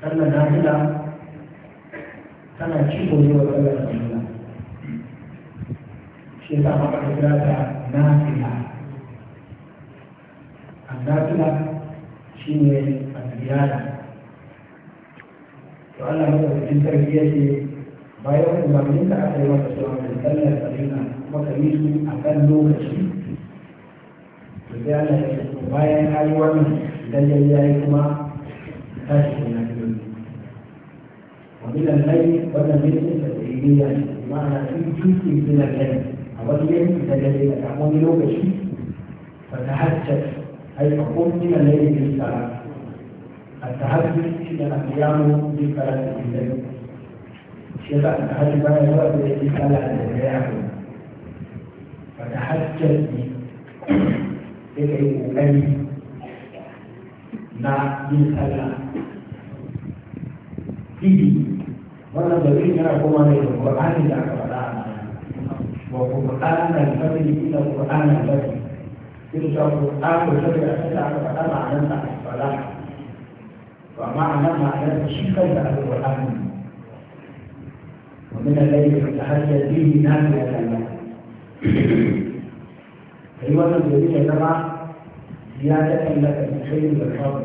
sallar nafila tana ciko ne wa sallar nafila shi yasa maka da kira ta nafila annafila shi ne a ziyara to Allah ne ya rubuta sarki yake bayan umarnin da aka yi masa cewa da tsallar farilla kuma ka yi su a kan lokaci to sai Allah ya ce bayan ya yi wannan idan ya yi kuma tashi kenan من الميت ولا من التدريبية بمعنى في جزء من الميت أولا تجري تعمل لوكشي فتحدث أي تقوم من الليل بالصلاة التحدث إلى القيام بالصلاة الليل شيخ التحدث بين هو الذي صلى الجميع فتحدث ادعي أمي مع من صلى به wannan dalilin yana kuma ne da Qur'ani da aka faɗa wa Qur'an al-fadl ila Qur'an al-fadl kin ta Qur'an al-fadl da aka faɗa ma'anar ta fala to amma anan ma'anar shi kai da Qur'ani ومن الذي يتحدث به نافلة له أيوة الذين جمع زيادة لك من خير والفضل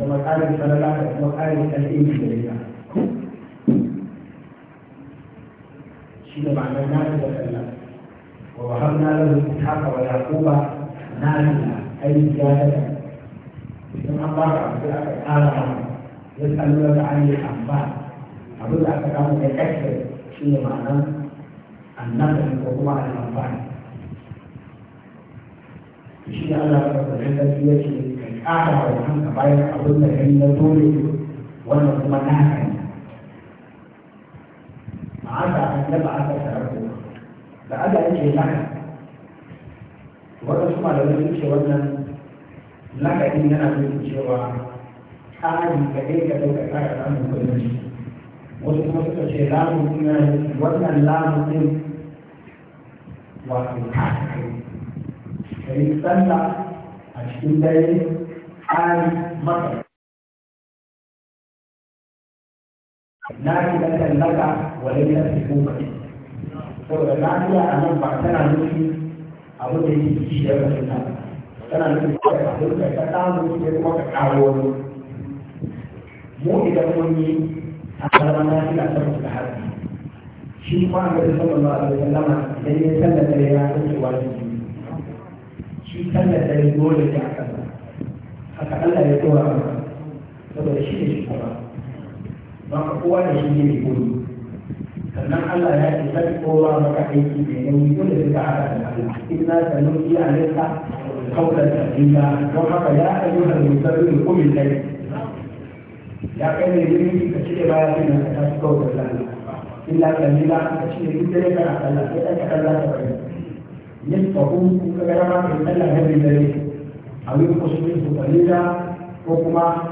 لما قال صلى الله عليه وسلم قال الإيمان بالله شيء معنى نافلة لنا ووهبنا له إسحاق ويعقوب نازلة أي زيادة ثم أمر بالأفعال يسألونك عن الأخبار أقول لك أنه يكفر شيء معناه النفل وهو الأخبار shi Allah ya على da shi ya ce ka ƙara wa kanka bayan abin da عسى أن نبعث ربنا لعل أنت لك وقت ما لو نمشي wannan lakabin yana nufin cewa tsari da kai ka dauka tsara samun kudin shi wasu kuma suka ce lamun wannan lamun din wato ta kai sallah a cikin dare tsari Na نافلة لك وليست لكوك saboda lafiya a nan ba tana nufi abu da yake ci da wasu nan tana nufi kawai abin da ka samu ne kuma ka kawo wani mu idan mun yi a kalmar lafiya ta mutu da harbi shi kuma a gari sallallahu alaihi wasallam idan ya sallar dare ya kuce wajibi shi sallar dare dole ne a kansa haka Allah ya tsora masa saboda shi ne shi kuma ba ka kowa da shi ne mai gudu sannan Allah ya ce sai kowa maka aiki mai nauyi dole sai ka hada da Allah inna sanuki alayka qawlan sadida don haka ya ayyuhal musallim qum al-layl ya kai ne yin ka cire baya sai ka tashi kawai da Allah illa kalila ka cire duk dare kana Allah sai ka kalla ka bari yin fahu ka ga ma kai Allah ne da dare a wani kusurin ku kalila ko kuma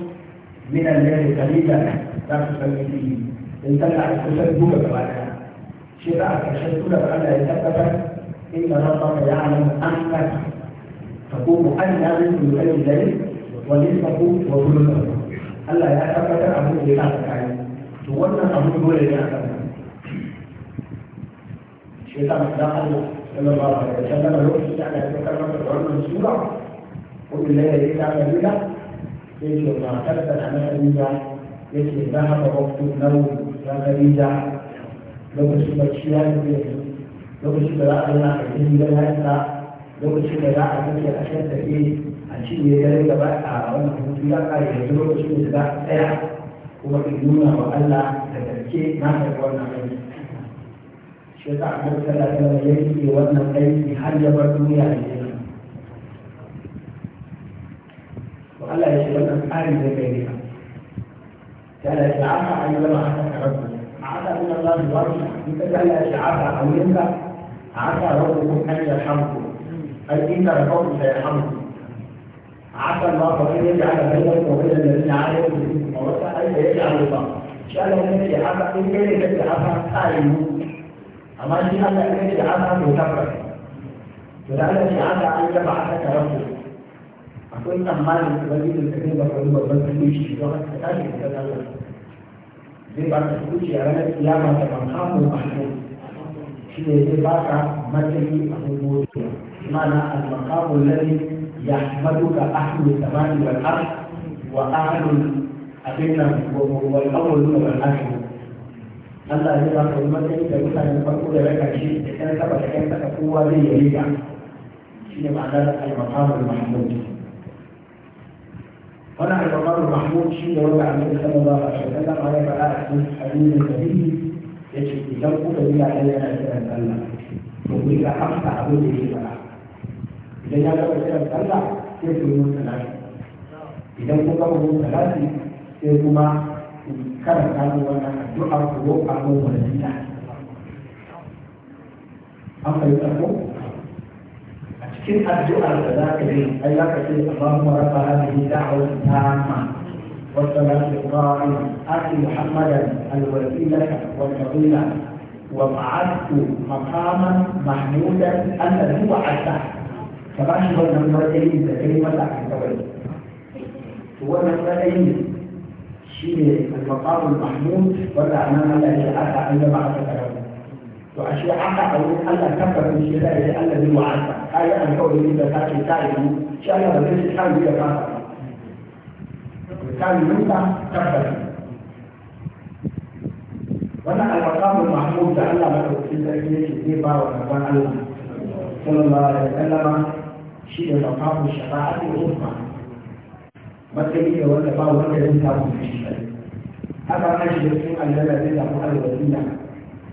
من الليل قليلا تصلي ان تنع تسبك بعدها شبعك شدك الا يثبتك ان ربك يعلم انك تقوم ان لا من الليل الليل ونصفه وثلثه الا يثبت ابو بلاك عليه تولى ابو بلاك عليه الشيطان دخل صلى الله عليه وسلم يوسف يعني يتكلم في العلم السورة قل لله إذا yake ma da na Khadija yake haka ka na nau na Khadija lokacin bacci ya yi lokacin da za a yana a cikin haka lokacin da za a kace a shan take a cinye dare ba a wannan hutu ya yi yanzu lokacin da za a tsaya kuma in nuna wa Allah da gaske na karɓi wannan aiki shi ta a kan sallah ta yake wannan aiki har ya bar duniya ne Allah ya ce wannan tsari da kai ne Allah ya ce aka ayyuka ma aka rabbu عسى من الله الوجه يتجلى شعبها او ينفع عسى ربكم ان يرحمكم اي ان ربكم سيرحمكم عسى الله ان يجعل بينكم وبين الذين عليكم منكم اي يجعل الله ان شاء الله ان يجعلها ان كان يجعلها تعلم اما ان شاء الله ان يجعلها تكبر ولعل شعبها ان يبعثك ربك akwai tsammanin ubangijin ka zai baka wani babban tukuci don haka ka tashi ka zama zai baka tukuci a ranar kiyama da ban kamo ba ne shi ne zai baka matsayi a hukumar mana al-maqamu alladhi يحمدك أهل السماء والأرض وأهل أبنا والأول والآخر Allah ya ba ka matsayi da mutanen farko da raka shi da kan saba da kan saka kowa zai yi riga shi ne ma'anar al-maqamul mahmud وانا عبد الله محمود شيء يرد عن النبي صلى الله عليه وسلم على بقاء حديث النبي يجب ان يكون بلا علينا كلام الله وإذا حفظ عبده بلا إذا جاء كلام الله كيف يكون ثلاثة إذا كنت ثلاثة كيف ما كان كانوا وانا الدعاء وقعوا ولا أما يتقون في الدعاء الذاكري أي لك في اللهم رب هذه الدعوة التامة والصلاة القائمة آتي محمدا الوسيلة والفضيلة وبعثت مقاما محمودا أن هو عدا فما شو هو نمرة إيزا كلمة لكن هو نمرة إيزا شيء المقام المحمود ولا أمام الله إلا أتى إلا بعد ذكره وأشياء أو أن تكفر من شراء الذي وعدته أي أن تقول لي إذا كان شاء الله لم يجد كائن بي كائن منك تكفر وأنا المقام المحمود جعلنا ما تقول لي إذا كنت كيفا وكفان الله صلى الله عليه وسلم شيء مقام الشفاعة الأخرى ما تقول لي وأنا باو وأنا لم تكن في الشفاعة أبا ما يجب أن يكون أن يكون أن يكون أن يكون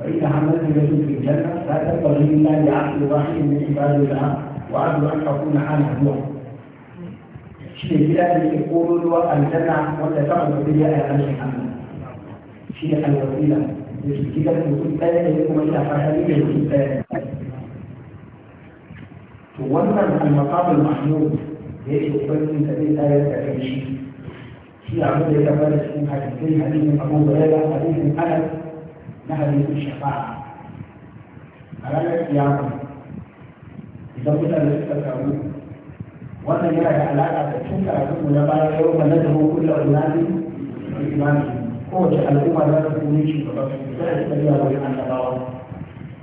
فإن حملت لكم في الجنة لا تنبغي إلا لعقل واحد من عباد الله وعقل أن تكون عنه هو في كده يقول الجنة وتفعل بها أهل الحمد شيخ الوسيلة مش كده يكون ثاني لكم إلى حسنية يكون المقام المحمود يجب أن تكون لا يتكلم شيء في عمود يتفرج في حديثين حديث أبو هريرة حديث أنس نهل الشفاعة على القيامة إذا كنا نتكلم wannan yana da alaƙa da tun karatun mu na baya yau ma na da hukun da ulani da imani kowace al'umma za ta kuma shi gaba sai ta yi wa annabawa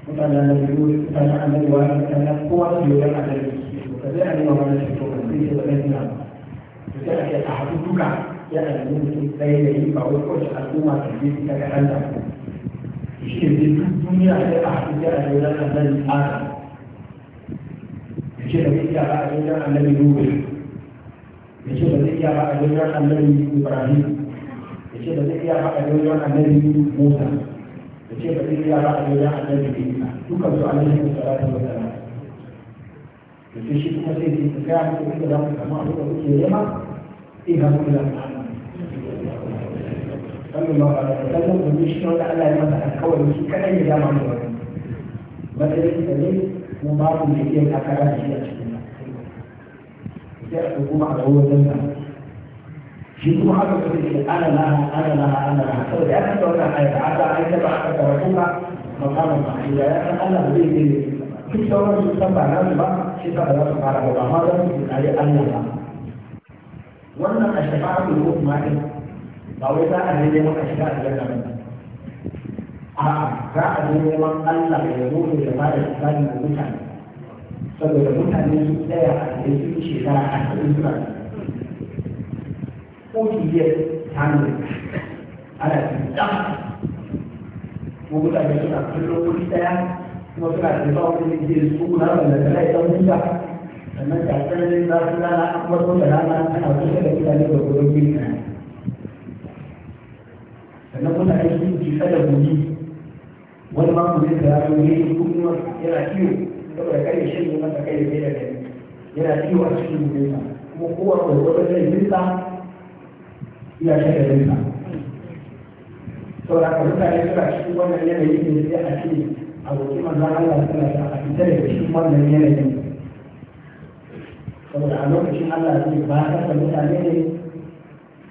mutanen da biyu mutanen annabi wa mutanen kowa su yi wa annabi ka zai annabi wa mana shi to ka zai yi wa annabi na to sai ake a haɗu duka ya annabi mutum ɗaya da yi ba wai kowace al'umma ta yi ta ga Allah يشتري الدنيا على أحدها ولا أمل آخر يشتري الدنيا على النبي نوح يشتري الدنيا على النبي إبراهيم يشتري الدنيا على النبي موسى يشتري الدنيا على النبي عيسى يكفر عليه الصلاة والسلام يشتري الدنيا على النبي إبراهيم يشتري الدنيا على النبي موسى يشتري الدنيا على النبي عيسى يكفر عليه الصلاة والسلام يشتري الدنيا على النبي إبراهيم يشتري الدنيا على النبي موسى يشتري الدنيا على النبي عيسى يكفر عليه الصلاة والسلام sallallahu alaihi wasallam domin shi wanda Allah ya masa alkawari shi kadai ya dama da wani matsayin da ne mu babu mai iya takara da shi a cikin nan sai a ɗauko ma a ɗauko wajen sa shi kuma haka kuma ce ana laha ana laha ana laha saboda ya kasa wannan ayata aka an taɓa aka karatu ka makaman ma'aikata ya san Allah zai zai duk sauran su san ba na su ba shi sa ba za su fara ba amma za su tsari Allah ba wannan a shafa'atul hukuma ɗin ba wai za a ne neman a shiga aljanna ba a za a ne neman Allah ya zo ne ya bada tsari da mutane saboda mutane su tsaya a cikin su ce za a cikin suna ko ki yi tanin ana cikin da ko mutane suna kallon wuri daya kuma suna da ba wani da ke su na wanda da lai dan huta sannan ta tsananin za su lana kuma sun da lana ana kusa da mutane da gurin gina kada gobe wani ma ku zai kara ne ne kuma yana kiwo saboda kai shi ne masa kai da kai yana kiwo a cikin gurinsa kuma kowa ko wata zai rinsa ya shi da rinsa saboda ka mutane suna cikin wannan yanayi ne sai a ce abokin manzan Allah suna sa a fitar da cikin wannan yanayin saboda a lokacin Allah zai ba ka mutane ne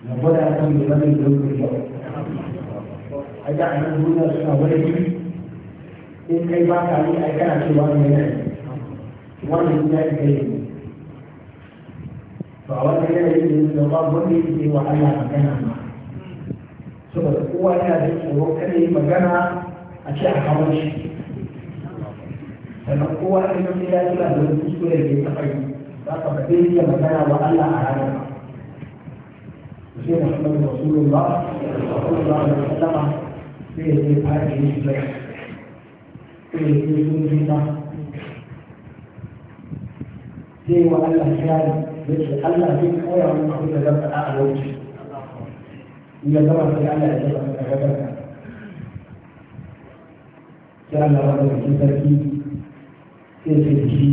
na gwada kan da wani lokacin yau a ga a nan duniya suna wani biyu in kai ba ka yi ai kana cewa ne yana yi wannan ya yi kai to a wannan yanayin da ba wanda yake wa Allah magana ma saboda kowa yana da tsoro kada yi magana a ce a kawo shi sannan kowa da yake ya kula da wani kuskure da ya taɓa yi za ka faɗi iya magana wa Allah a ranar sai Muhammadu Rasulullah sallallahu alaihi wasallam bẹ́ẹ̀ pàdé ìfẹ́ bẹ́ẹ̀ tó tó ń bímá sai wa Allah kirari ya ce Allah zai koya wani abu da zan faɗa a lokaci in ya gama sai Allah ya zama da gabarka sai Allah wanda da sarki sai ce da shi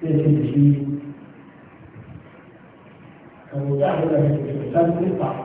sai ce da shi ka wuce abu da ke san nufa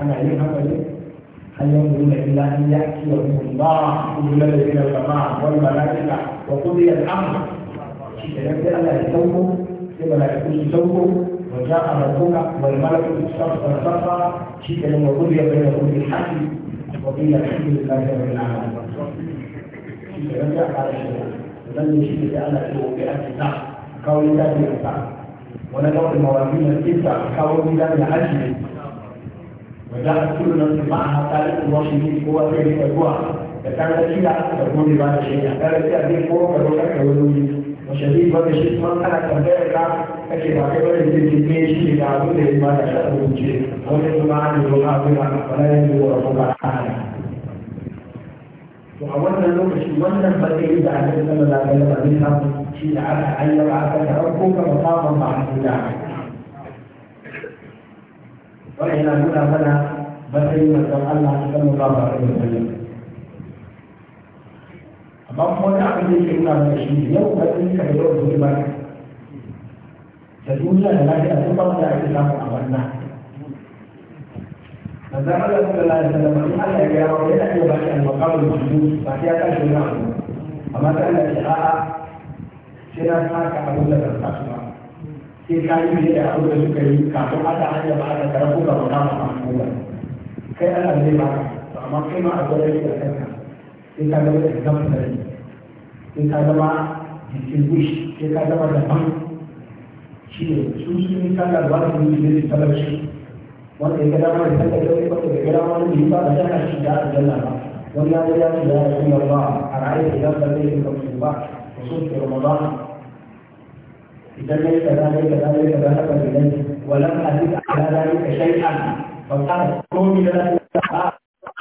ana yin haka ne hanyar nuna ilahi ya ci ba a kuma nuna da yin wani malaika wa kuma yin amma shi ana yi sauko sai malaikun su sauko a rabuka wa malaikun su sauka da sauka shi wa kuma yin bayan kuma yin haki wa kuma yin haki da kuma yin alama shi ke nan sai a kara shi ne wannan yi wa kuma yin haki na kawai ya ce ya ونضع الموازين التسع حول ميزان عدل وجعل كل نفس معها ثالث وشهيد قوة بين الأجواء فكان كلا تكون بعد شيء كان كلا بين قوة كرونا وشديد وشهيد بعد شيء ما كان كذلك أكيد أكبر التجميع شيء يعود ما يشاء من شيء ونحن معنا يلعبنا ولا يدور ربنا وأولنا نوكش من لم تكن إذا عدد سنة لا بلد عن شيل على أن يبعثك ربك مقاما محمودا وإلى هنا بنى بسيمة القلعة في المقابلة المسلمة مفهوم عبد الشيخ عبد الشيخ يوم بسيطة يوم بسيطة تدوزا لله أن تطلع على الإسلام أمرنا فزمن رسول الله صلى الله عليه وسلم قال يا رب لا يوجد المقام المحدود فاحيا تاج الرحمه وما كان الاشعاع sai na saka abin da ka sa ba sai ka yi da abin da suka yi kafin aka hanya ba aka karatu ga wata ma ba kai ana zai ba amma kai ma a gwada shi da kanka sai ka zama da exemplary sai ka zama distinguished sai ka zama daban shi ne su sun yi sallar ba su yi da sallar shi wanda ya gada mana sallar da wani wanda ya gada mana da yi ba a jana shi da aljanna ba wani ya gada shi da ya rasu yawa a ra'ayi da ya sallar da ya kamsu ba da sun ke ramadan بسبب كذلك كذلك كذلك وبذلك ولم أزد على ذلك شيئا فقال قوم بذلك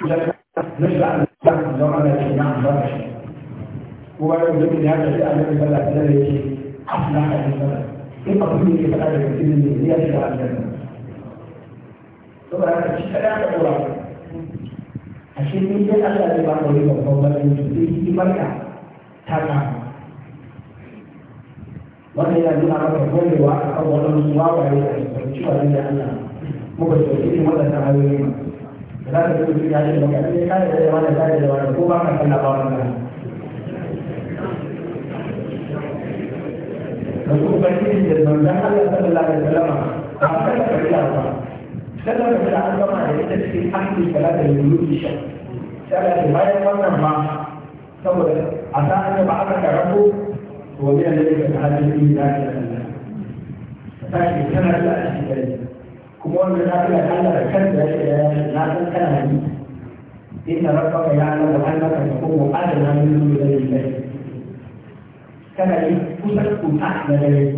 نشرع الإسلام زمن الإمام برش وبعد ذلك هذا الشيء الذي بدأ ذلك أصلح الإسلام في تطبيق هذا الكثير من زيادة الجنة ثم هذا الشيء لا تقول الشيء الذي بدأ ذلك بعض الإمام فهو من يجب به مركز تمام wannan yana nuna maka gobewa a kan waɗansu wawaye a cikin wani da Allah muka soke ne waɗannan hanyoyi ma da za ka zo su ya ce maka ɗaya kare da yawa da kare da wani ko ba ka san labarin wannan da su ubangiji da manzan Allah sallallahu alaihi wasallam a kan kabila ba sallar kabila an gama da ita cikin hankali salata da yulubi shan sai Allah ya bayan wannan ma saboda a sa'an da ba aka karabu هو من الذي يتحدث به ذاك الله فاشي كما لا اشي ذلك كمون من ذاك الله كذا لا تنتهي إن ربك يعلم أنك تقوم أدنى من دون ذلك كما يفسد أحلى ذلك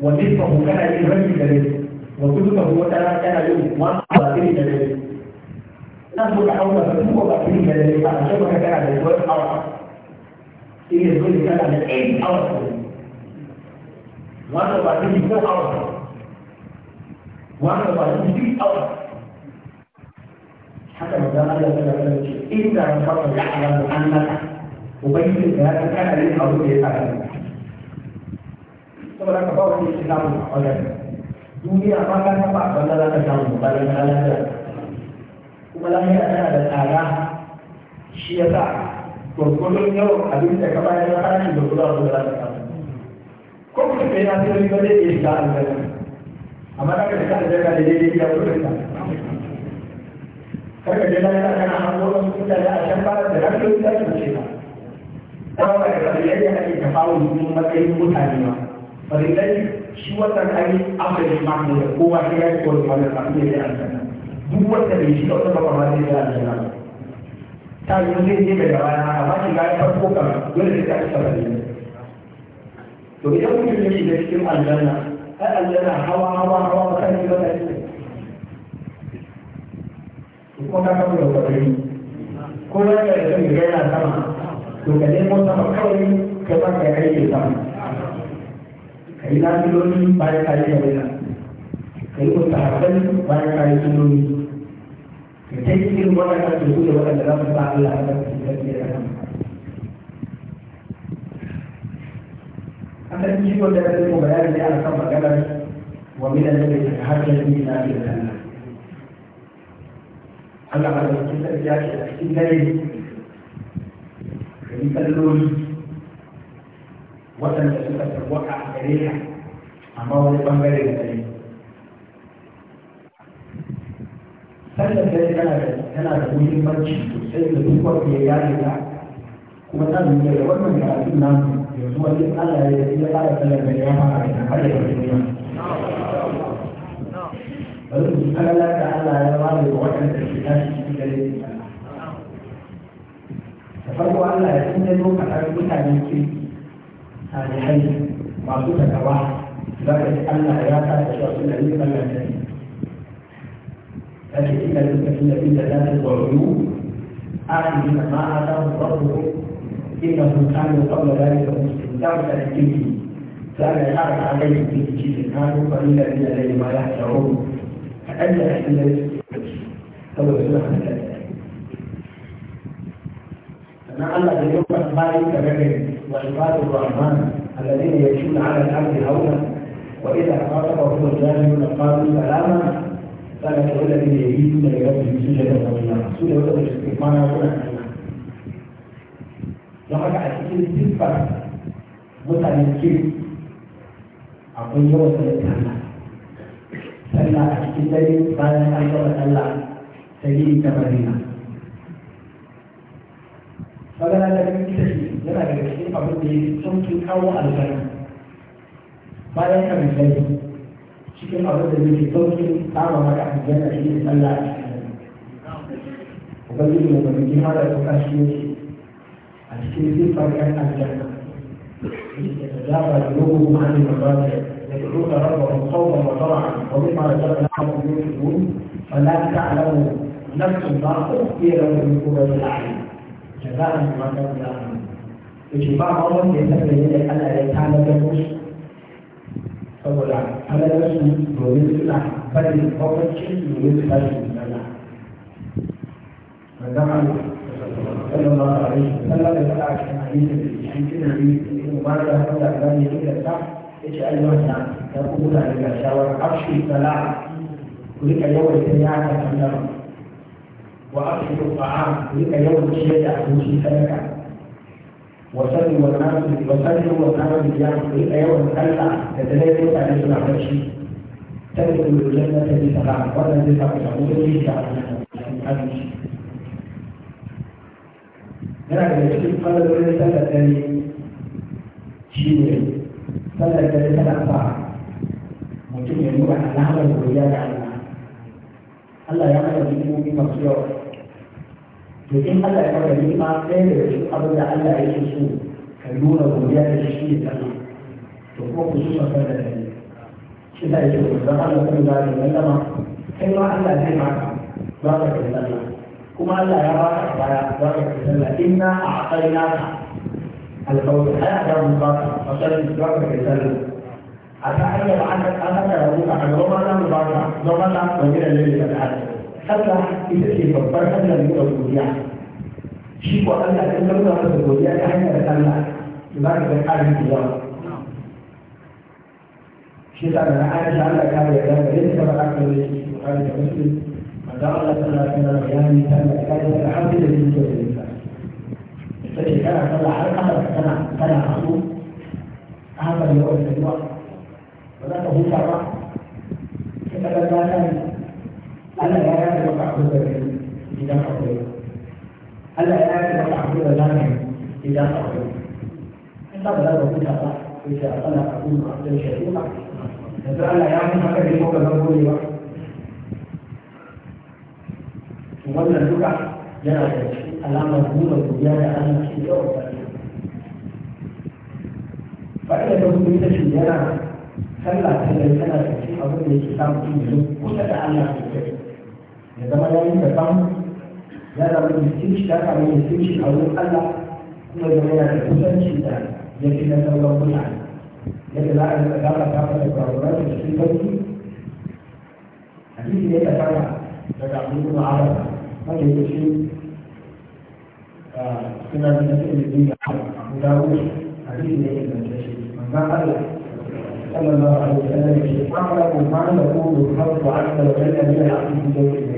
ونصفه كان للرجل ذلك وثلثه وترى كان له وأربعين ذلك نصف حول فتوه وأربعين ذلك على شبكة كان ذلك ويقرأ sai ya zo da sallah da eight hours wanda ba ta four hours wanda ba ta six hours haka da zama da da ce inda ya fara da an naka ubangiji da ya san kana abu da ya sa kanka saboda ka ba wani islamu a wajen duniya ba ka taba wanda za ka samu ba da lafiya kuma lafiya tana da tsada shi ya sa gwargwadon yawan abin da ka bayar da kula da za kuma na ka da daga da daidai da ka da a can fara da rashin da su ce ka kawai da kalilai da shi wannan ma kowa ya yi shi da wata ya yi ta yi zai amma shi ga kan dole ta ci to idan mutum ya shiga cikin aljanna ai aljanna hawa hawa hawa ba ba ta ka da kwaɗayi ko da ka yi sun sama to ka nemo sama kawai ka ba ka kai ke sama ka yi bayan ka yi yawai ka yi mutu haɗari bayan ka yi mutum cikin wannan kan su da waɗanda za su sa Allah a kan su da ke nan akan ci wanda da mu bayani ne a kan maganar wa min al-ladhi tahajjal min nafil Allah Allah ba da cikin sarki ya ce a cikin dare ka yi kalloli waɗanda suka tarwata a gare ka amma wani bangare da sallar dare yana da yana da muhimmanci sosai da duk wanda ya gane ta kuma ta nuna da wannan da karatun nan yanzu wani Allah ya yi fara sallar dare ya fara da har da duniya bari su kalla da Allah ya ba da waɗanda ke tashi cikin dare da farko Allah ya tsinda zo kasar mutane ke salihai masu takawa za ka ji Allah ya sa da shi a sunan yin sallar dare لكن إلا المتقين في جنات وعيون آخذين ما آتاه ربهم إنهم كانوا قبل ذلك مسلمين ذلك الجن كان عليهم في الجن كانوا قليلا إلى الليل ما يحشرون فأنت أحسن فلو سمحت لك أن الله اليوم مالك بهم وعباد الرحمن الذين يمشون على الأرض هونا وإذا خاطبهم الجاهلون قالوا سلاما ذلك الذين يريدون لربهم سجدا وقياما سورة وقت الاستغفار وقت don haka a cikin siffar mutanen kiri akwai yawan sallar sallah sallah a cikin dare bayan an gama sallah ta yi ta marina magana ta biyu ita ce yana daga cikin abin da ya sauƙin kawo albarka bayan kamar dare cikin abin da في sauƙin kama maka aljanna shi في sallah a cikin ubangiji mai bambamci har da في shi ne a cikin siffar yan aljanna يتجافى جنوبهم عن المضاجع يدعون ربهم خوفا وطمعا ومما رزقناهم ينفقون فلا تعلم نفس ما اخفي لهم من قوه الاعين جزاء بما كانوا يعملون اجماع الله يتبين ان لا يتعلم saboda halalarsu domin suna barin kwakwacin domin tashi sana manzan Allah sallallahu alaihi wasallam da faɗa a cikin hadisin da shi kina ne in ma da haka da Allah ne da ta yace ai wannan da ku da daga shawar afshi sala ku rika yawan ta ya ka annabi wa afshi ta'am ku rika yawan ciyar da abinci sadaka وسلم والناس وسلم والناس بالجامع في أيوة الحلقة تتلاتي على سبع وعشرين تدخل الجنة بسبع ولا بسبع وعشرين بسبع وعشرين هناك الشيء قال له سنة ثانية شيء سنة ثانية سنة ساعة ممكن ينوح على هذا الرجال الله يعلم بالمؤمن مصيره mutum Allah ya maka ni'ima ɗaya daga cikin abin da Allah yake so ka nuna godiya da shi da Allah to kuma ku suka san da kai shi da yake ku zama Allah kun da ne lama kai ma Allah zai maka za ka kai Allah kuma Allah ya ba ka baya za ka kai Allah inna a'tainaka alqawl haya da mun ba ka fasalin za ka kai Allah a ta hanyar an ka rabu a ga wannan ba ka zama na wani da ne da ta sallah ita ce babbar hanyar yi wa godiya shi ko Allah kan nuna masa godiya ta hanyar sallah za ka ga ƙarin da yawa shi sa da Aisha Allah ta yi da yadda ta faɗa kan shi Bukhari da Muslim manzo Allah sallallahu alaihi wasallam bayani sallah ta yi da hadisi da yake da ita ita ce kana sallah har kamar kana kana hasu a haka da yawan sallah ba za ka huta ba sai ka ga ta Allah ya yafe maka abin da kai idan akwai Allah ya yafe maka abin da za ka idan akwai in ba za ka huta ba ko ce a tsala a kuma a cikin shari'a yanzu Allah ya fi maka ne kuma zan gode ba wannan duka yana da alamar nuna godiya da Allah shi da wata fa'ida ta hudu ita ce yana sallah ta da tana da cikin abin da yake samun ilimi kusa da Allah sosai ya zama ya yi daban ya zama da mutunci ta kama mutunci a wurin Allah kuma ya zama yana da kusanci da ya fi na sauran mutane yadda za a yi tsakara ta fata kwakwara da cikin a cikin ya tsakara daga abin kuma araba wanda ya ce suna da nasirin da abu a cikin ya yi zance shi manzan Allah صلى الله عليه وسلم اعلم ما نقول الحق عز وجل من العبد بذوق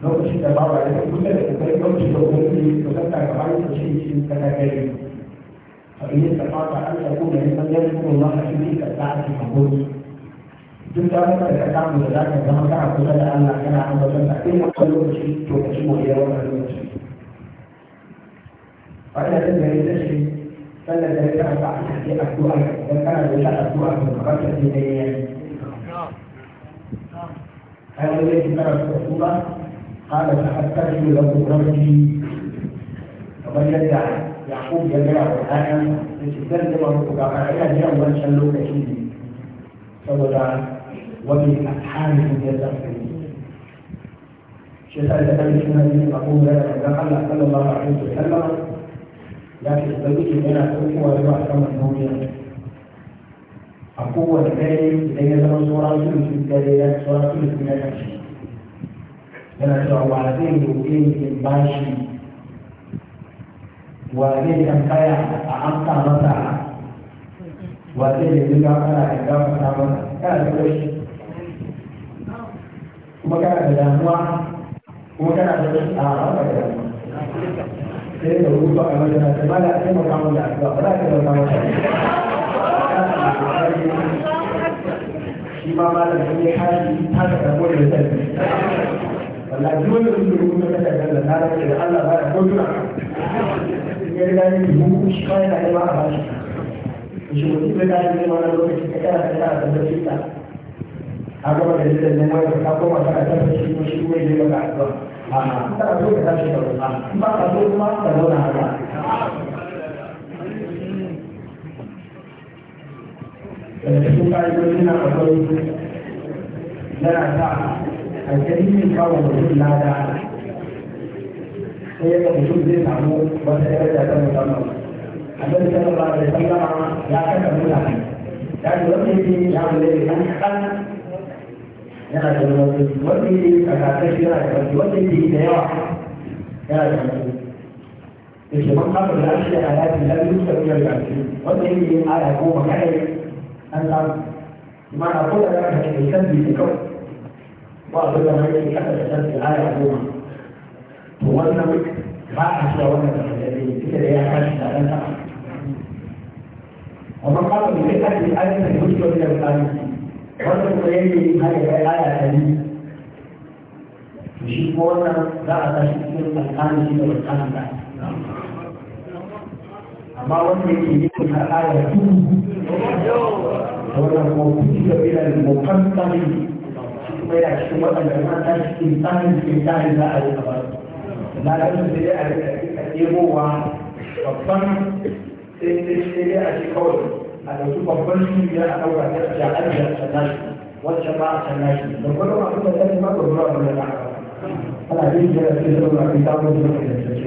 lokacin da bawa ya fi kusa da kai lokacin da wani ne ka kasa ga bayan shi shi ka ta kai فإن استطعت أن تكون ممن يذكر الله في الساعة المقبولة duk da wata da samu da za ka zama kana kusa da Allah kana ambaton sa in wani lokaci to ka ci moriyar wannan lokaci wanda ta da ita ce sannan da ta ba a take addu'a dan kana da ta addu'a to ka ta ce da yayi ai wani ne kana da tuba قال تحدثت الى مدرجي ومن يدعي يعقوب جميع الحاكم لتسلم الركوع عليها هي اول شلوك شيني سودا ومن من يزعمني شيخ هذا كان يسمى يقول لنا ان صلى الله عليه وسلم لكن بلوكي من اتركه ولو احكم الدنيا اقوى الكريم الى يزعم صورته في الكريات صورته في الكريات yana cewa wa zai roƙe ni in bashi wa zai tambaya a amsa masa wa zai nemi gafara in gafarta masa kana da rashi kuma kana da damuwa kuma kana da rashi a haka da sai da rufa a wajen da mala sai mu kawo da addu'a ba za ka yi kawo da shi ma malam sai hali ta da kabo da sai wallahi duk wanda mutum rubuta ta takardar da na rage da Allah ba da ko duna ya riga ne ki mu shi kawai na nema a bashi shi mutum da kai ne wani lokaci ka kana kana da tabbaci ta a gaba da jiran ne mai ka koma kana tabbaci ko shi mai ne maka addu'a a kana so ka tashi da roƙa ba ka so kuma ka zauna haka da cikin ƙa'idodin na akwai yana sa alkalin kawo mutum lada sai yadda mutum zai samu wata daraja ta musamman annabi sallallahu alaihi wasallam ya kaka mutane ya ji wanda yake ya mule da kan kan yana da wani wanda yake kakakashi yana da wani wanda yake da yawa yana da wani yake man kafa da shi a yaki da duk da wani yaki wanda yake yin aya goma kai an samu ma na kowa da kan da kan bi kawai وأقول له هي حتى تسلسل الآية عموما وأنا ما أحسن وأنا تخيلين كده هي حاسة أنا ومن قال من غير أهل الآية فالمشكلة إلى الآية وأنا تخيلين هذه الآية حديث مشيت وأنا بعد شكل الآن كده والآن بعد أما وأنا يجيبون الآية وأنا موجودة إلى المقدم kuma yana cikin waɗanda ma ta cikin tsarin cikin tsarin za a yi a bar na da su sai a rika ɗebowa babban sai a ce kawai a ɗauki babban su ya a ɗauka ta ce a ajiye a canna shi wacce ba a canna shi da kuma ma kuma ta ma ba zuwa wani na ana yin jira sai da wani abin samun zuwa da ta ce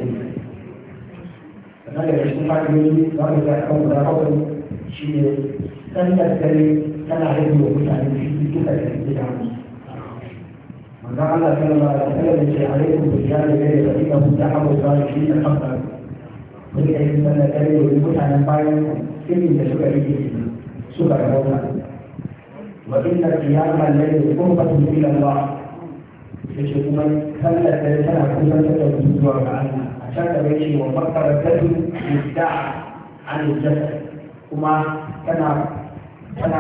sannan daga cikin fa'idoji za mu ga kan guda kawai shi ne sannan dare tana rage wa mutane su duka da gida musu ما على كلمة تكلم عليكم بالجانب غير فإنه تحب الصالحين حقا وإذا يمتنى تلي والمتعة نبايا سلم تشكر إليه سكر روحا وإن القيام الليل قربة إلى الله يشكون كلا ثلاثة كنا تتوسل وعنا عشان بيشي وفكر الكتب يدعى عن الجسد وما كان كان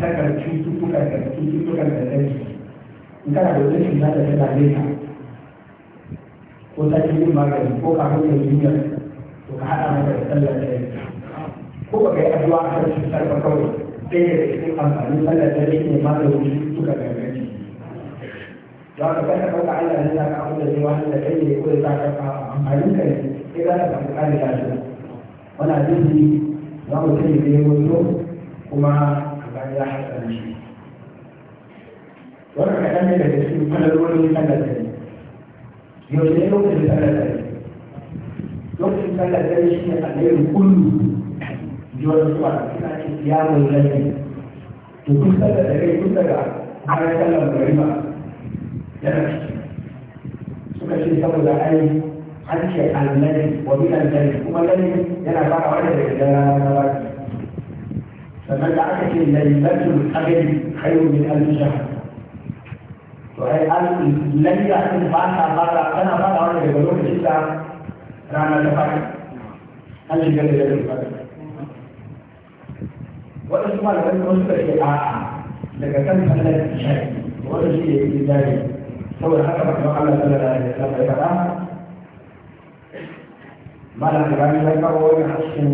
تذكر شيء تذكر شيء تذكر شيء in kana da wani cuta da ta dame ka ko ta ci yin magani ko ka hanyar duniya to ka haɗa maka da sallar dare ko ba ka yi abuwa a kan cutar ba kawai sai da cikin amfanin sallar dare ne maganin suka gargaji za ka kai ka ɗauka Allah ne za ka abu da zai da kai ne ko ya za ka amfanin ka ne sai za ka samu kare lafiya wannan jinsi za mu sani da yawan kuma ka ga ya haɗa shi وانا كلامي ده بيقول انا دول اللي فعلا تاني يوجد لهم اللي فعلا تاني لهم اللي فعلا تاني شيء عليهم كله جوال الصبح كده صيام الليل وكل فعلا تاني كل ده على كلام غريبة لنا suka ce saboda ai an ce annabi wa min annabi kuma lalle yana fara wani daga dara na baki sannan da aka ce lailatul qadr khairun min alf shahr to ai lalya din ba fara tana fara wani daga lokacin da rana da fara an shiga da yadda fara waɗansu malamai kuma suka ce a'a daga kan sallar isha'i wanda shi ya yi jari saboda haka ba kuma Allah sallallahu alaihi wasallam ya faɗa malam da rami ya kawo wani hasken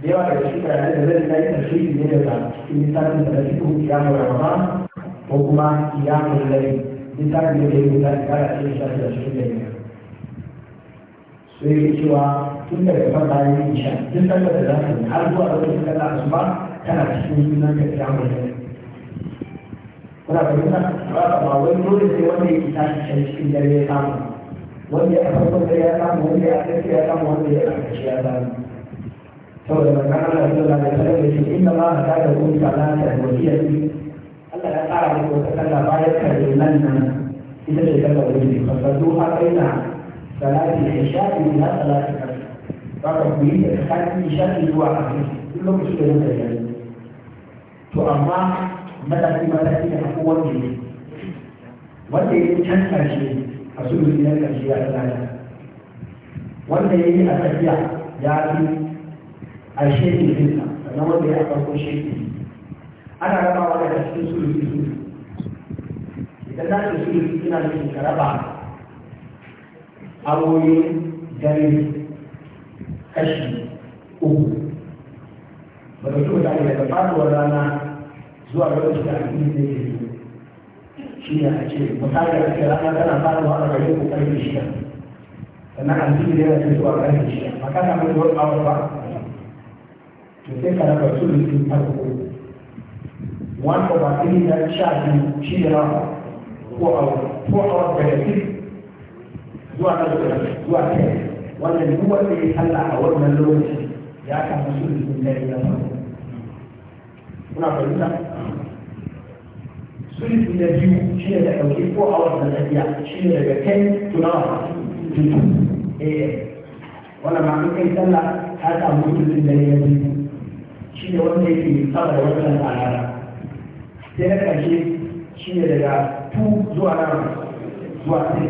da yawa daga shi da zai yi shi ne da cikin misalin da na cikin kiyamar ramadan ko kuma ya kiyamun lai littafin da ya yi ta kara ce sha da shi da ya so cewa tun da fata ya yi sha duk sanda da zaka yi har zuwa lokacin da za su ba kana cikin sunan ka kiyamun lai kuna fahimta ba ka ba wani dole sai wanda ya kita shi cikin dare ya samu wanda ya farko da ya samu wanda ya tafi ya samu wanda ya karkashi ya samu saboda magana da Allah da sallallahu alaihi wasallam inna ma hada da kun salata wa hiya Allah ya tsara miki wata sallah ya kare nan nan ita ce sallah wani ne fasadu har kai na salati da shafi na salati kan ba ka ku yi da tsakanin shafi zuwa a kai duk lokacin da ya zai kare to amma mataki mataki da akwai wanda ne wanda ya can karshe a su mutu na karshe ya tsara wanda ya yi a tafiya ya fi a shekin fitna sannan wanda ya farko shekin ana raba wa daga cikin sulusi su idan na ce sulusi ina da shi ka raba awoyi dare kashi uku ba da su da daga faruwar rana zuwa lokacin da abin ke yi shi ne a ce misali da ke rana tana faruwa a rage ko karfe shida sannan a cikin da yana ce zuwa karfe shida ba ka samu zuwa awa ba to sai ka raba ta farko wanda ba iri na sha biyu shi da na ko a ko a wata daga six zuwa na zuwa zuwa ten wanda duk wanda ya sallah a wannan lokaci ya kama su da dare na farko kuna fahimta sulhu na biyu shi ne da ɗauki ko a wata tafiya shi ne daga ten to na tutu eh wannan ma kai sallah ta samu sulhu da dare na biyu shi ne wanda yake saba da wannan al'ada sai na ƙarshe shi ne daga tu zuwa nan zuwa 3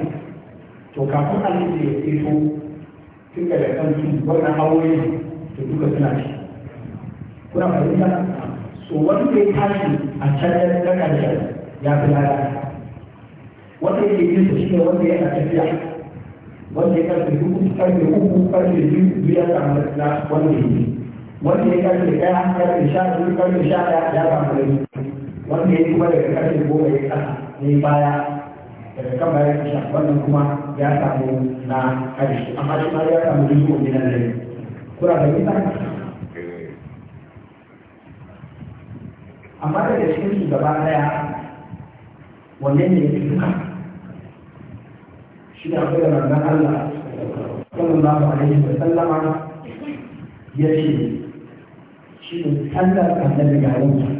to kafin alif ya fito tun daga kan su wannan hawoyin to duka suna shi kuna fahimta so wanda ya tashi a can na ƙarshen ya fi lada wanda yake yin su ne wanda yana tafiya wanda ya karfe uku karfe uku karfe biyu biya samu na wanda ya yi wanda ya karfe ɗaya karfe sha biyu karfe sha ɗaya ya samu wanda ya kuma daga karfe goma ya kasa ne baya daga kan bayan kusa wannan kuma ya samu na karshe amma shi ma ya samu rigo ne na dare kura da tsaka amma daga cikin su gaba daya wanne ne ya duka shi ne akwai da manzan Allah sallallahu alaihi wa sallama ya ce shi ne sallar annabi ga yanzu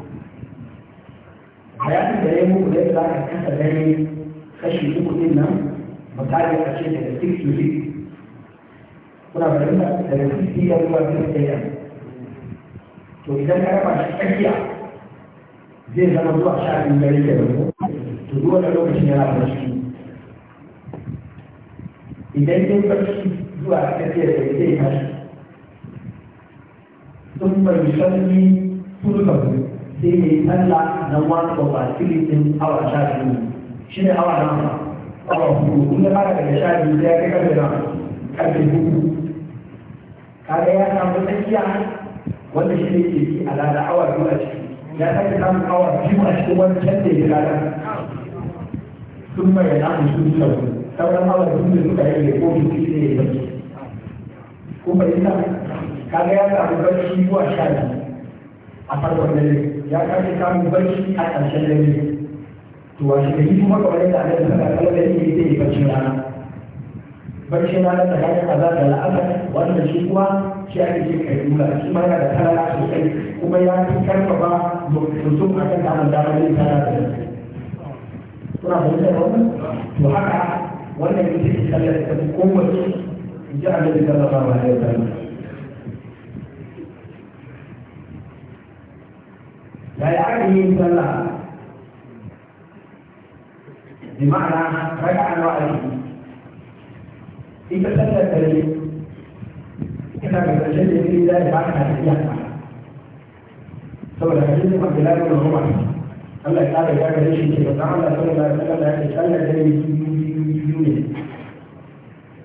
bayanin da ya muku da za ka kasa dare kashi uku din nan mutane a ce daga 6 to 6 kuna fahimta daga 6 ya zuwa 6 am to idan ka raba shi tsakiya zai zama zuwa sha biyu dare ke da ku to zuwa da lokacin yana shi idan yin farki zuwa tsakiya da zai tashi sun bari sanni sun rufe sai mai talla na one ba three sun awa sha biyu shi ne awa nan awa hudu kun da fara daga sha biyu sai ya kai karfe nan karfe hudu kaga ya samu tsakiya wanda shi ne ke a lada awa biyu a ciki ya sake samu awa biyu a cikin wani canje da ya gada sun bayyana mutum sau sauran awa biyu da suka yi da kofi su ne ya yi ko bai sa kaga ya samu barci zuwa sha biyu a farkon dare ya kasa samun barci a ƙarshen dare to wa shi gari kuma kamar yadda annabi sallallahu alaihi wasallam yake zai barcin rana barcin rana tsakanin azar da la'asar wannan shi kuma shi ake ce kailula shi ma yana da tarara sosai kuma ya fi karfafa mutum a kan samun damar yin tarara da sosai kuna fahimtar wannan to haka wannan yake sallar da kowace in ji annabi sallallahu alaihi wasallam da ya aka yi sallah bi ma'ana raka an wa'adi ita sallar dare ina ga ƙarshen da yake da ya aka tafiya saboda hadisin Abdullahi Allah ya kare ya gare shi da Allah sallallahu alaihi wasallam ya ce sallar dare biyu biyu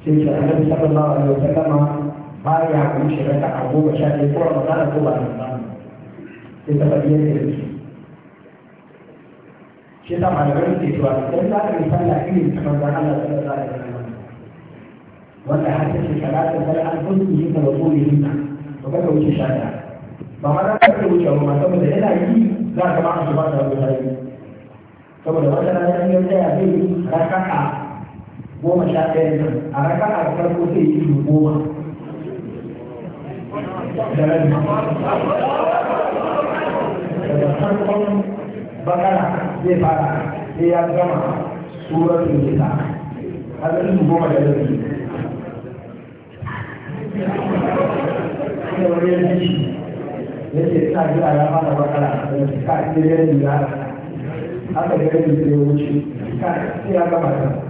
sai ce annabi sallallahu alaihi wasallama ba ya wuce da a goma sha ɗaya ko ramadana ko ba ramadana sai ta faɗi yadda yake shi yasa malamai suke cewa idan za ka yi sallah irin ta manzon Allah sallallahu alaihi wasallam wanda har take salatu bal an kulli da rasulihi to ka wuce sha ɗaya ba ma za ka wuce ba saboda yana yi za ka ma an ba da wani saboda wata yi ya tsaya zai raka'a goma sha ɗaya nan a raka a farko zai yi su goma daga farkon bakara zai fara sai ya gama suratul nisa har zai su goma da rabi da wani yanzu ya ce ta jira ya fara bakara da ta ɗaya da ya haka da ya wuce ta ya gama da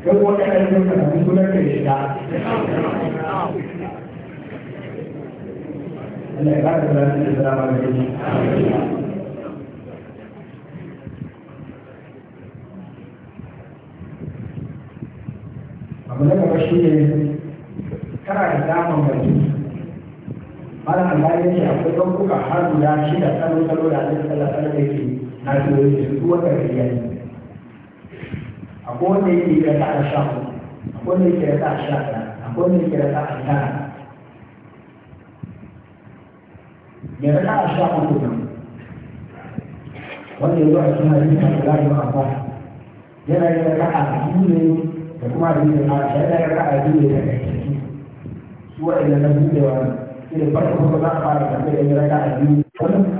ga kuma da kuma shiga Allah ya da zama da shi abu na gaba shi ne kana da damar mai ana Allah ya ce akwai ɗaukuka har guda shida tsaro tsaro da Allah sallallahu alaihi na da akwai wanda yake da ta sha akwai wanda yake da ta sha akwai wanda yake da ta tara ya ta sha uku nan wanda ya zo a cikin hadisi da Allah a amfa yana yin raka'a a ne da kuma yi da Aisha yana yi raka'a a ne da kai su wa'anda na buɗewa ne da farko ko za a fara da kai a biyu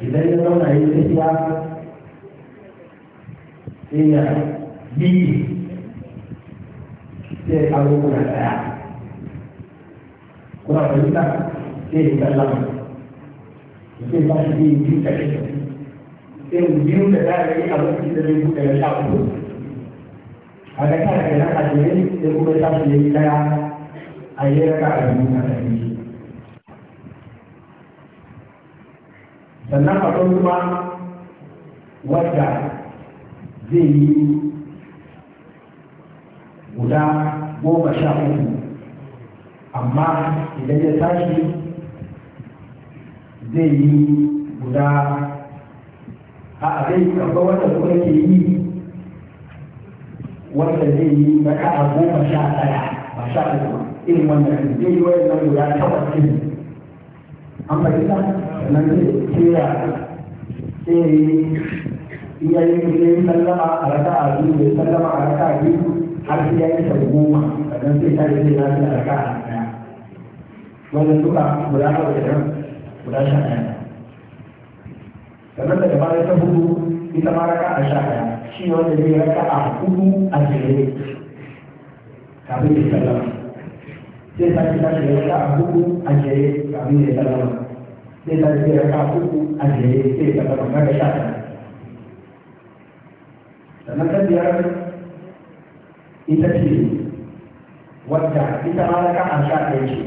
Kita ingin tahu nak ikut Islam Ia B Dia tahu pun saya, Kurang berita Dia dalam Dia masih di ujung kat situ Dia ujung kat dalam lagi Kalau kita boleh buka yang tahu tu Adakah kena kajian Dia boleh tahu dia ni saya Ayah kat Ayah kat Ayah sannan akwai kuma wadda zai yi guda goma sha uku amma idan ya tashi zai yi guda a zai karɓa wanda kuma ke yi wanda zai yi na ka'a goma sha ɗaya ba sha uku irin wannan zai yi wayan na guda takwas an fahimta nan sai ya sai iya yin sallama a raka a biyu ya sallama a raka a biyu har sai ya yi sau goma sannan sai ta yi zai lafi a raka a wannan duka guda nawa kenan guda sha ɗaya sannan daga baya ta hudu ita ma raka a sha ɗaya shi ne wanda zai raka a hudu a jere kafin ya sallama sai ta yi tashi raka a hudu a jere abin da ya zama zai ta ce raka uku a jere sai ta zama kaga sannan ta biyar ita ce wadda ita ma raka a sha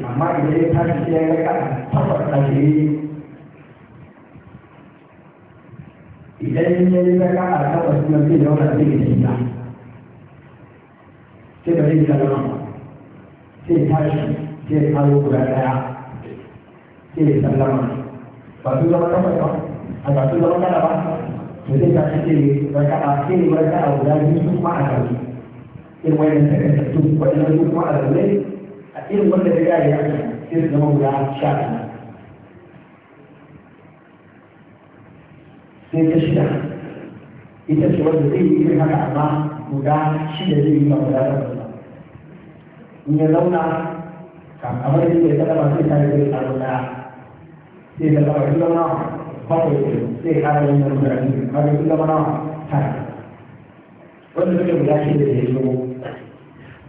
amma idan ya tashi sai ya raka a takwas a jere idan ya yi a takwas zai da wani zai ya kiri sampai lama. Waktu dalam apa itu? Agak tu dalam kan apa? Jadi kaki kiri mereka kaki mereka ada di semua ada di. Ilmu yang saya tentu pada ilmu semua ada di. Ilmu yang ya, saya ada di semua ada di. Ini sudah. Ini sudah jadi ini kata apa? Mudah sih jadi lima belas. Ini adalah kami ini kita dapat kita dapat kita dapat إذا قال كل مناع خطر ليه هذا من المدرسين هذا كل مناع هذا والنبي لا شيء يهزمه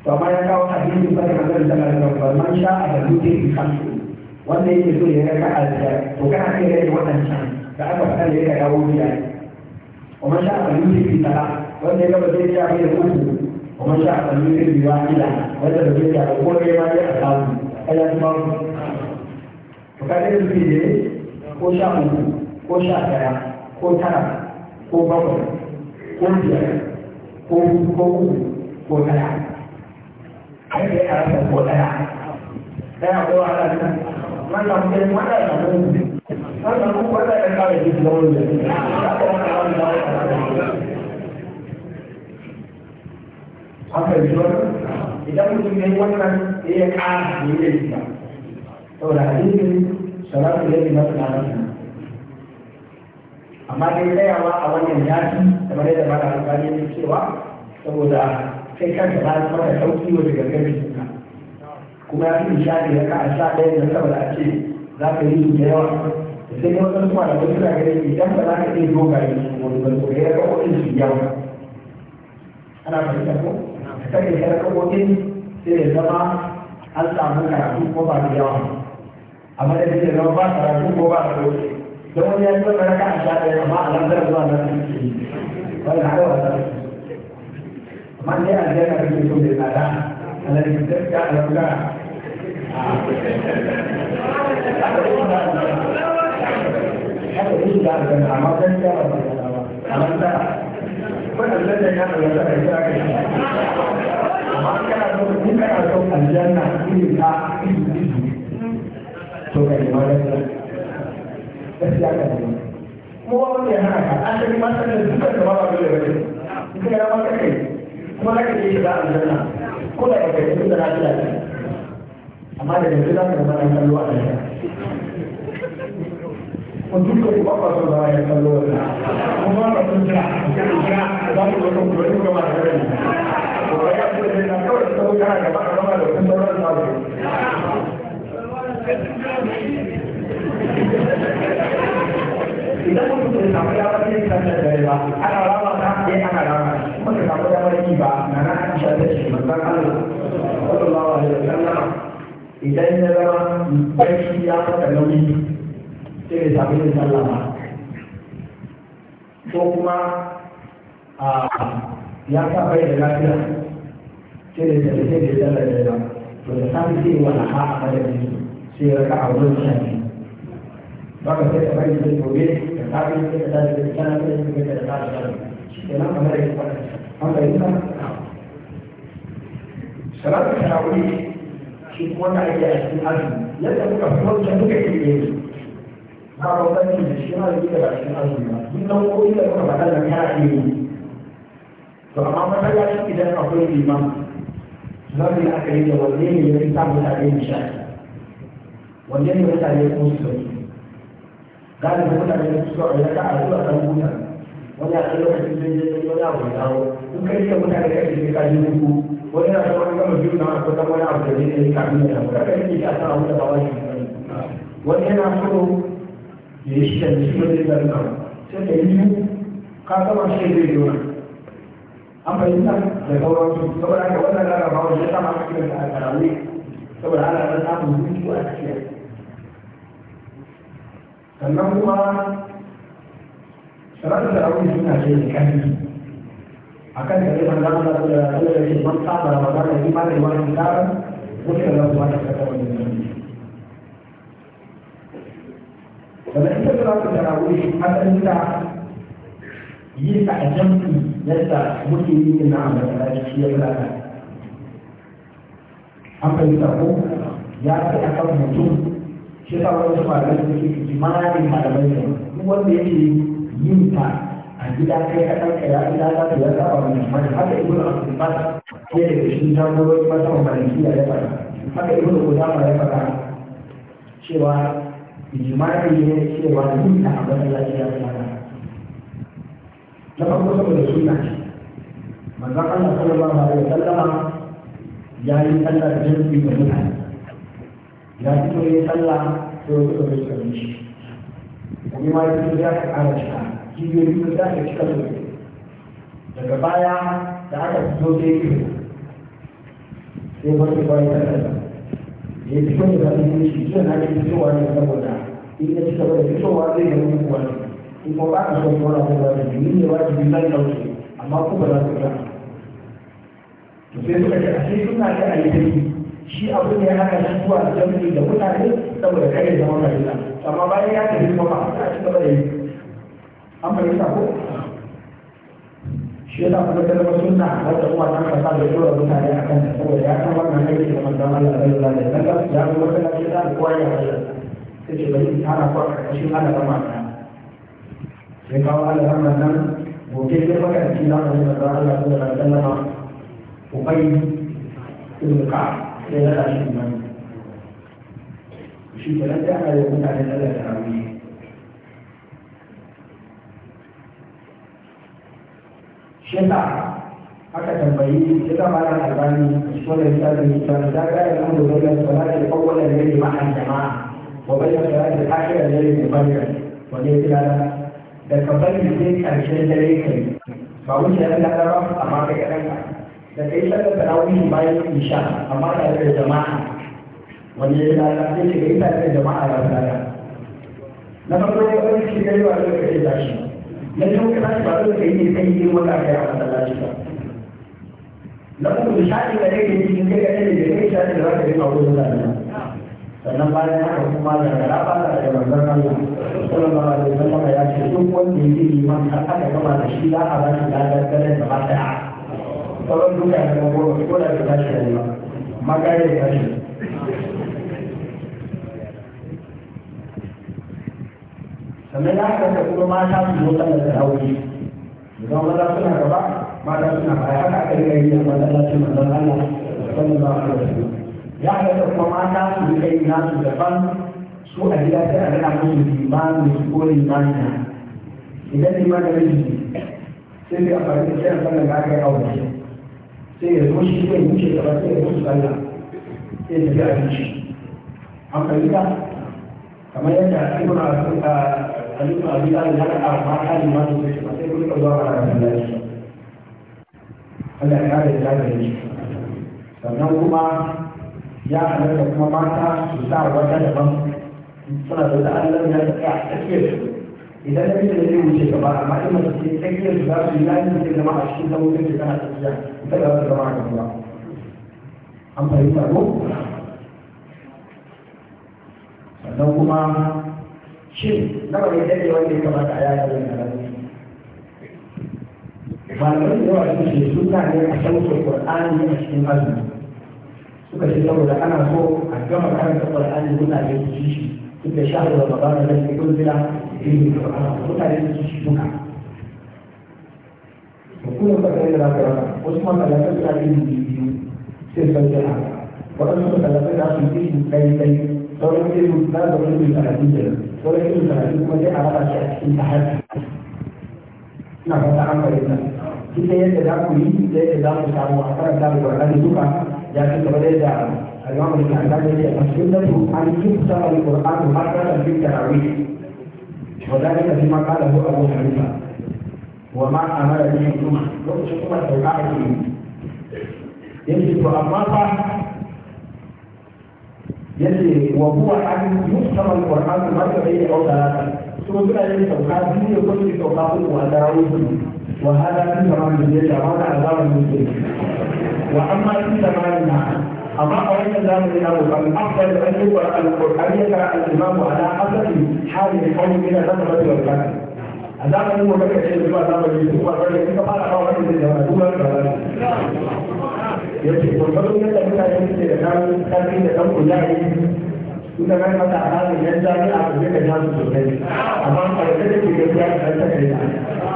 فما يقع حديث بدر عن ذلك فمن شاء فليؤتي بخمسه wanda yake so ya raka alta to kana kai rai wannan can da aka faɗa da ya dawo gida kuma sha a yi fi tara wanda ya gaba zai ya mai uku kuma sha a yi fi wahila wanda da zai ya ko ne ma ya samu kada kuma kaga yanzu zai ne ko sha uku ko sha ɗaya ko tara ko bakwai ko biyar ko ko uku ko ɗaya kai da a rasa ko ɗaya ɗaya ko ala ta wannan kai wannan da mun wannan ku wannan da kawai duk da wannan da ka wannan wannan da wannan haka yi idan mutum ya wannan ya yi ƙara ya yi da saboda hadisin salatu yadda masu lalata amma dai tsayawa a wannan yaki kamar yadda ba da alƙali ne cewa saboda kai kanka ta zama da sauƙi wa daga gari ka kuma ya fi nishadi ya ka a sha ɗaya da saboda a ce za ka yi da yawa da sai sun wasu da wasu na gari idan ba za ka iya dogaye su wani ba ko ya kaɓoɗin su yawa ana fahimta ko ka kai ka kaɓoɗin sai ya zama an samu karatu ko ba da yawa Apa dia kata, dia buat orang itu, dia buat orang itu. Semua dia itu, mereka akan ajar dia, Mak, alam dia buat orang itu. Kau nak tahu orang itu. Mak dia ada yang ada di situ, dia tak ada. Ada di situ, dia ada juga. Aku ini tidak akan sama dengan dia. Aku tidak akan sama dengan dia. Aku tidak akan sama dengan dia. Aku tidak akan sama dengan dia. Aku tidak akan sama dengan dia. to ka nema gaskiya gaskiya ka nema kuma wanda ya hana ka an tafi matan da duka ba dole ba ne duka ya maka kai kuma za ka iya shiga aljanna ko da kai tun da lafiya ne amma da yanzu za ka zama ɗan kallo a nan kun duka ku ba son zama ɗan kallo a nan kuma ba son jira jira jira za ku zo kan kuma duka masu rai ko ba ya kuma jira kawai da sauƙi ana gaba a zama da kun sauran idan mutum bai samu damar yin sallar dare ba ana rama ta sai ana rama kuma ka samu damar yi ba na na an da shi manzon Allah sallallahu alaihi wasallam idan ya zama barci ya fata nauyi sai bai samu yin sallah ko kuma ya sa bai da lafiya sai da sai da sallar ba to da safi sai wala ha a madadin sai ya raka a wurin sha biyu ba ka sai kamar yadda zai gobe da safe sai ka tashi da sana sai ka kai da safe da shi ke nan kamar yadda an bai sa salatu tarawih shi kuma wanda ake a cikin azumi yadda muka fi wancan muka ke yi ba bambanci da shi ma yake da cikin azumi ba duk nan ko inda muka faɗa da kana iya yi to amma masallaci idan akwai liman zan yi aka yi da wanne ne ya fi sa mutane nishaɗi wanne ne mutane kuma su sauki galibin mutane da suka aure ta a zuwa kan buta wani a kan lokacin zai je wani abu ya dawo in kai da mutane da ake ka ji muku wani na son wani gama biyu na a kusan wani abu da ya yi kafin ya dawo kaga yake ki a san abu da ba wani wani yana so ya yi shi da shi wani zai zama sai da yi ka gama shi zai yi wani an fahimta da sauransu saboda haka wannan larabawa ya sama ake da a saboda ana ɗan samun hutu a cikin sannan kuma salatar da rauni suna ce da kanji a kan da zai da Allah da ya da shi man saba da maza da ima da imanin tsarin wuce da zuwa da kasar wani zanni sannan ita salatar da aure asalin da yi ta a jamfi yadda muke yi na amurka shi ya an fahimta ko ya fi kan mutum shi ta wani su malamai su ke kimanin malamai ne duk wanda yake yin ta a gida kai ka ɗauka ya gida za ta yarda ba mai mai haka ibn al-abbas ne da shi jagorori masa mamalikiya ya faɗa haka ibn qudama ya faɗa cewa ijma'i ne cewa yin ta a masallaci ya faɗa na farko saboda suna ce manzon Allah sallallahu alaihi wasallam ya yi sallar jami'i da mutane ya fito ya sallah sai wasu ɗaure su ɗaure shi wani ma ya fito za ka ƙara cika jibiyoyi sun za ka cika su daga baya da aka fito sai ya sai wani ba ya sallah ya fito da zaɓi ne shi jiya na ke fitowa ne saboda in ya ci gaba da wani zai wani in ko ba ka so ko na ko ba da wani ne ba jini zai amma ko ba za ka sai suka ce a sai suna ga shi abu ne haka shi zuwa da jami'i da mutane saboda kare zama mai ila amma bayan ya tafi kuma ba a ci gaba da yi an fahimta ko shi yasa kuma da zama sunna wata kuma ta kasa da tura mutane a kan saboda ya san wannan aiki da manzon Allah da Allah da ya ga wata lafiya da kowa ya fara sai ce bari ana kwa karkashin Allah da ta sai kawo Allah da nan gobe sai maka cikin zamanin manzon Allah sallallahu alaihi wasallam ubai ibn ka مش انت لا تعمل على الاله العربيه شبع حتى كان بعيد شبع على الحرباني مش كل الاستاذ من الاستاذ ده بقى الامر بين الصلاه الاول الليل مع الجماعه وبين الصلاه الاخيره الليل المفجر وليه كده لا ده كان بعيد الليل كان شيء ده ليه كده فقلت انا لا اعرف اما بك انا da kai sallar tarawih bayan sha, amma tare da jama'a wani ya da ta ce kai tare da jama'a ba tare na farko ya kai shi kai ba da kai da shi na biyu ka tashi ba da kai ne kai yi wanda kai a masallaci ba na uku shaɗi da kai ne cikin kai kai da kai shaɗi da za ka yi a wurin zanen sannan bayan haka kuma da raba da da manzon Allah sallallahu alaihi wasallam ya ce duk wanda yake liman aka gama da shi za a ba shi ladan da ba ta sauran duka da goma ko da ta tashi rayuwa magare da tashi sannan ya haka kuma mata su zo sallar da hauri idan maza suna gaba mata suna baya haka aka riga yi a masallacin manzon Allah sallallahu alaihi wasallam ya haka kuma mata su riga yi nasu daban su a gida sai a rika musu limanin su ko limanin idan limanin sai da amfani da shi a sallar da aka yi aure sai ya zo shi zai wuce gaba sai ya mutu sallah sai ya tafi abinci an fahimta kamar yadda a cikin ka al-ibn abi talib ya ka ma hali ma su zai ce sai kun ka zuwa ga Allah Allah ya kare da gare sannan kuma ya halatta kuma mata su sa wata daban suna da Allah ya tsaya a tsakiyar su idan ka da zai wuce gaba amma ina da ke tsakiyar su za su yi lafi da zama a cikin saboda da kana tafiya ita za su zama a gaba an fahimta ko sannan kuma shi nawa ne wanda ya kamata a yaya da karatu malamai da yawa sun ce suna ne a sauke qur'ani a cikin azumi suka ce saboda ana so a gama karanta qur'ani mutane su ci shi duk da shahar ramadana da ke Kita tak ada lagi orang. Usma tak ada lagi orang yang begini. Sesuai dengan apa? Orang itu tak ada lagi orang yang begini. Kali kali, orang itu bukan orang yang begini. Orang itu orang yang begini. Mesti ada rasa intahat. Nah, kata apa ini? Kita yang sedang kuli, kita yang sedang bersama orang orang dalam keluarga itu kan, jadi kepada dia. Kalau mereka hendak jadi masjid, dan bukan itu sahaja Quran, maka terbit terawih. وذلك فيما قاله أبو حنيفة وما أمر به عمر لو عمر توقعه يجب أما yace wa huwa an yuftara alquran marratayn aw thalatha so suna yin sauka biyu da kuma sauka uku a tarawih wa hada min tamam da ya jama'a da azaban musulmi wa amma in tamam na أما أولا لا تجعله أفضل أن يقرأ القرآن الإمام على حسب حال القوم من النظرة والكلام أدام أنه لك شيء بما أدام الجيد هو أقول لك فقال أولا من الجماعة يجب والبدو يتبقى يمكن أن تكون تكون تكون ita kan mata halin yan jami'a da zai kan su sosai amma karfe da ke gaskiya da ta kai ta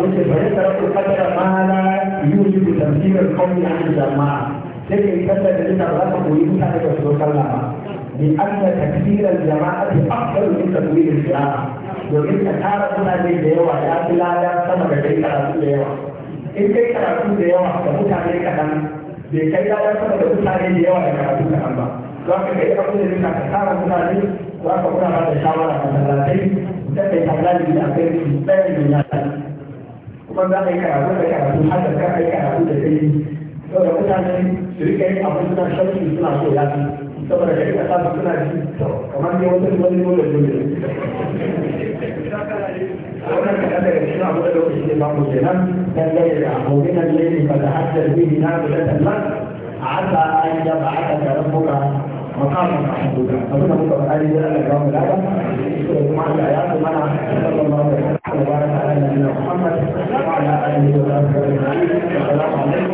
yace bari ta rubuta ma la yuji bi tafsir al-qawmi an jama'a لكي يسلل لنا الرقم ويمكن ان يتوكلنا لان تكثير الجماعه افضل من تكوين الجماعه domin ka tara mutane da yawa ya fi lada sama da kai karatu da yawa in kai karatu da yawa da mutane kaɗan bai kai lada sama da mutane da yawa da karatu kaɗan ba za ka kai abu da ka tara mutane za ka kuna ba da shawara ka talatai da kai halali da kai su tsaye da yana kuma za ka yi karatu da karatu har da kai karatu da kai saboda mutane su rika abin suna so ya saboda da rika sasu suna ji kamar ne wata wani dole dole wannan kaɗan daga abu da lokaci ne bamu kenan da abokin nan ne ne na